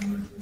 Amen.